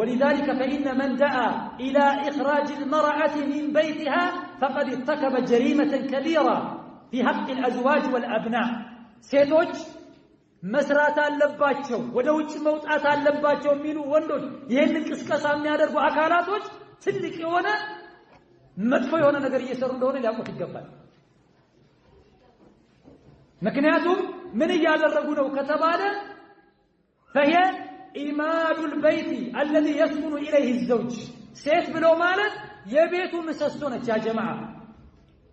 ولذلك فإن من دعا إلى إخراج المرأة من بيتها فقد ارتكب جريمة كبيرة في حق الأزواج والأبناء سيتوج مسرات اللباتشو ودوج موتات اللباتشو ميلو وندوج يهلك اسكاسا ميادر وعكالاتوج تلك يونا مدفو يونا نقر يسرون دوني لأمو تقبل مكنياتهم من وكتب هذا فهي ኢማዱል በይቲ አለዚ የስኩኑ ኢለይህ ዘውጅ ሴት ብሎ ማለት የቤቱ ምሰሶ ነች። ያ ጀማዓ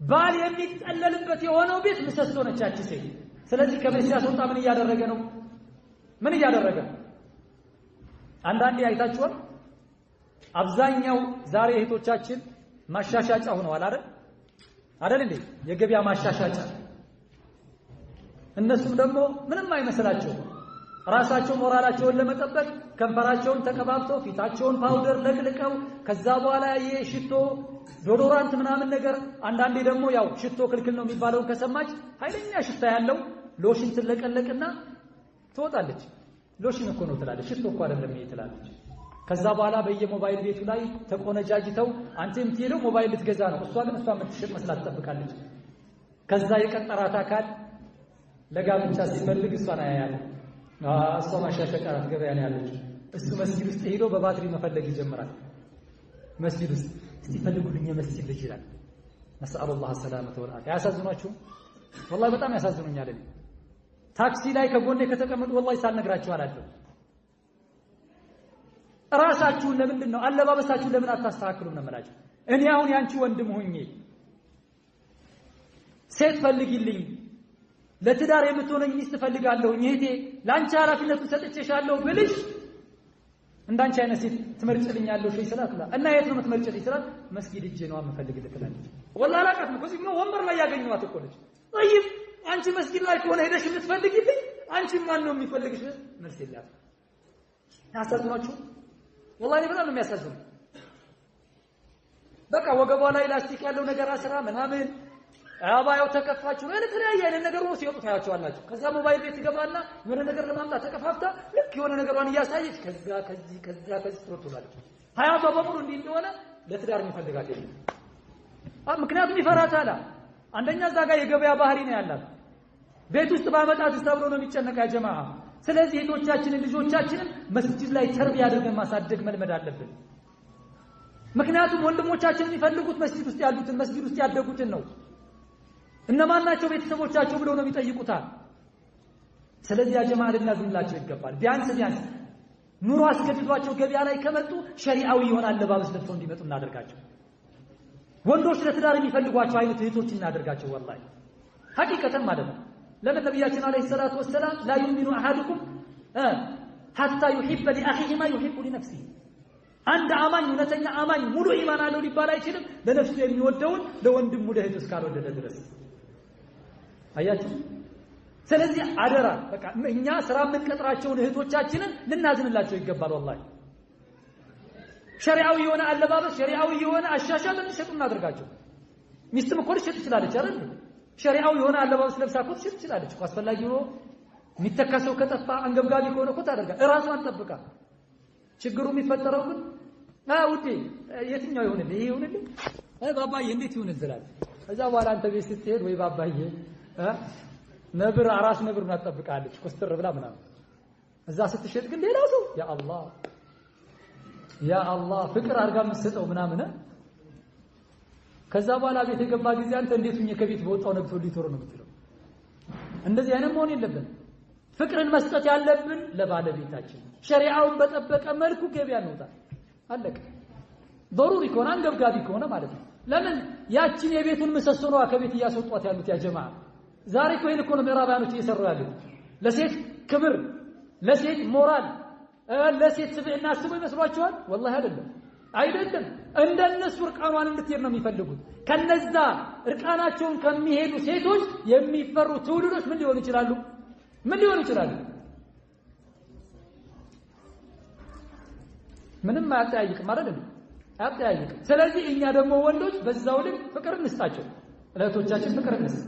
ባል የሚጠለልበት የሆነው ቤት ምሰሶ ነች ያቺ ሴት። ስለዚህ ከቤት ሲያስወጣ ምን እያደረገ ነው? ምን እያደረገ ነው? አንዳንዴ አይታችኋል። አብዛኛው ዛሬ እህቶቻችን ማሻሻጫ ሆነዋል አይደል? አይደል እንዴ? የገበያ ማሻሻጫ። እነሱም ደግሞ ምንም አይመስላቸውም። ራሳቸው ሞራላቸውን ለመጠበቅ ከንፈራቸውን ተቀባብተው ፊታቸውን ፓውደር ለቅልቀው ከዛ በኋላ የሽቶ ዶዶራንት ምናምን ነገር አንዳንዴ ደግሞ ያው ሽቶ ክልክል ነው የሚባለውን ከሰማች ኃይለኛ ሽታ ያለው ሎሽን ትለቀለቅና ትወጣለች። ሎሽን እኮ ነው ትላለች፣ ሽቶ እኮ አይደለም ትላለች። ከዛ በኋላ በየሞባይል ቤቱ ላይ ተቆነጃጅተው አንተ የምትሄደው ሞባይል ልትገዛ ነው፣ እሷ ግን እሷ የምትሸጥ መስላ ትጠብቃለች። ከዛ የቀጠራት አካል ለጋብቻ ሲፈልግ እሷን አያያለ እሷ ማሻሸቃ ናት ገበያ ላይ ያለችው። እሱ መስጊድ ውስጥ ሄዶ በባትሪ መፈለግ ይጀምራል። መስጊድ ውስጥ እስቲ ፈልጉልኝ የመስጊድ ልጅ ይላል። ነስአሉላህ ሰላመተ ወልዓፊያ። አያሳዝኗችሁም? ወላሂ በጣም ያሳዝኑኛል። እኔ ታክሲ ላይ ከጎኔ ከተቀመጡ ወላሂ ሳልነግራችሁ አላለም። እራሳችሁን ለምንድን ነው አለባበሳችሁን ለምን አታስተካክሉም ነው የምላችሁ። እኔ አሁን ያንቺ ወንድም ሆኜ ሴት ፈልጊልኝ ለትዳር የምትሆነኝ ሚስት እፈልጋለሁኝ እህቴ ለአንቺ ኃላፊነቱን ሰጥቼሻለሁ ብልሽ እንዳንቺ አይነት ሴት ትመርጭልኛለሽ ወይ ስላት እና የት ነው የምትመርጭልኝ ስላት መስጊድ እጄ ነው የምፈልግ ትላለች። ወላ አላውቃትም እኮ እዚህ ወንበር ላይ ያገኘኋት እኮ ነች። ጠይብ አንቺ መስጊድ ላይ ከሆነ ሄደሽ የምትፈልግልኝ አንቺ ማን ነው የሚፈልግሽ? መልስ የላት። ያሳዝናችሁ ወላሂ በጣም ነው የሚያሳዝኑ። በቃ ወገቧ ላይ ላስቲክ ያለው ነገር አስራ ምናምን አባያው ተከፋችሁ ወይ ለተለያየ አይነት ነገር ነው ሲወጡ ታያቸዋላችሁ። ከዛ ሞባይል ቤት ይገባና የሆነ ነገር ለማምጣት ተከፋፍታ ልክ የሆነ ነገሯን እያሳየች ከዛ ከዚህ ከዛ ከዚህ ትሮጥላለች። ሀያቷ በሙሉ እንዲህ እንደሆነ ለትዳር የሚፈልጋት የለም። ምክንያቱም ይፈራታል። አንደኛ እዛ ጋር የገበያ ባህሪ ነው ያላት። ቤት ውስጥ ባመጣት ተብሎ ነው የሚጨነቀ ያጀማ። ስለዚህ እህቶቻችንን ልጆቻችንን መስጂድ ላይ ተርቢያ አድርገን ማሳደግ መልመድ አለብን። ምክንያቱም ወንድሞቻችን የሚፈልጉት መስጂድ ውስጥ ያሉትን መስጂድ ውስጥ ያደጉትን ነው። እነማን ናቸው ቤተሰቦቻቸው ብለው ነው የሚጠይቁታል። ስለዚህ ያጀማ ልናዝምላቸው ይገባል። ቢያንስ ቢያንስ ኑሮ አስገድዷቸው ገበያ ላይ ከመጡ ሸሪአዊ የሆነ አለባበስ ለብሰው እንዲመጡ እናደርጋቸው። ወንዶች ለትዳር የሚፈልጓቸው አይነት እህቶች እናደርጋቸው። ወላሂ ሐቂቀተን ማለት ነው። ለምን ነቢያችን አለይሂ ሰላቱ ወሰላም ላ ዩሚኑ አሐዱኩም ሐታ ዩሂበ ሊአኺሂ ማ ዩሂቡ ሊነፍሲሂ አንድ አማኝ እውነተኛ አማኝ ሙሉ ኢማን አለው ሊባል አይችልም ለነፍሱ የሚወደውን ለወንድሙ ለእህቱ እስካልወደደ ድረስ አያችሁ። ስለዚህ አደራ በቃ እኛ ስራ የምንቀጥራቸውን እህቶቻችንን ልናዝንላቸው ይገባል። ወላሂ ሸሪዓዊ የሆነ አለባበስ፣ ሸሪዓዊ የሆነ አሻሻል እንሸጡ እናደርጋቸው። ሚስትም እኮ ልትሸጥ ትችላለች አይደል? ሸሪዓዊ የሆነ አለባበስ ለብሳ እኮ ልትሸጥ ትችላለች እኮ። አስፈላጊ ሆኖ ከጠፋ አንገብጋቢ ከሆነ እኮ ታደርጋል። እራሷን ጠብቃ። ችግሩ የሚፈጠረው ግን ውዴ የትኛው ይሁንልህ ይሁንልህ፣ ባባዬ እንዴት ይሁን ትላለህ። ከዛ በኋላ አንተ ቤት ስትሄድ ወይ ባባዬ ነብር አራስ ነብር ምናምን ኮስተር ብላ ምናምን። እዛ ስትሸጥ ግን ሌላ ሰው ያ አላህ ያ አላህ ፍቅር አድርጋ የምትሰጠው ምናምን። ከዛ በኋላ ቤት የገባ ጊዜ አንተ እንዴት ሁኜ ከቤት በወጣው ነግቶ ሊቶሮ ነው የምትለው። እንደዚህ አይነት መሆን የለብን። ፍቅርን መስጠት ያለብን ለባለቤታችን ሸሪዓውን በጠበቀ መልኩ ገበያ እንውጣ። አለቀ። ضروري ከሆነ አንገብጋቢ ከሆነ ማለት ነው። ለምን ያችን የቤቱን ምሰሶ ነዋ ከቤት እያስወጧት ያሉት ያ ጀማዓ ዛሬ እኮ ይሄን እኮ ነው ምዕራባውያኖች እየሰሩ ያሉት ለሴት ክብር፣ ለሴት ሞራል፣ ለሴት ስብዕና አስቦ ይመስሏቸዋል። ወላሂ አይደለም አይደለም። እንደነሱ እርቃኗን እንድትሄድ ነው የሚፈልጉት። ከነዛ እርቃናቸውን ከሚሄዱ ሴቶች የሚፈሩ ትውልዶች ምን ሊሆኑ ይችላሉ? ምን ሊሆኑ ይችላሉ? ምንም አያጠያይቅም አይደለም፣ አያጠያይቅም። ስለዚህ እኛ ደግሞ ወንዶች በዛው ልክ ፍቅር እንስጣቸው፣ እህቶቻችን ፍቅር እንስጥ።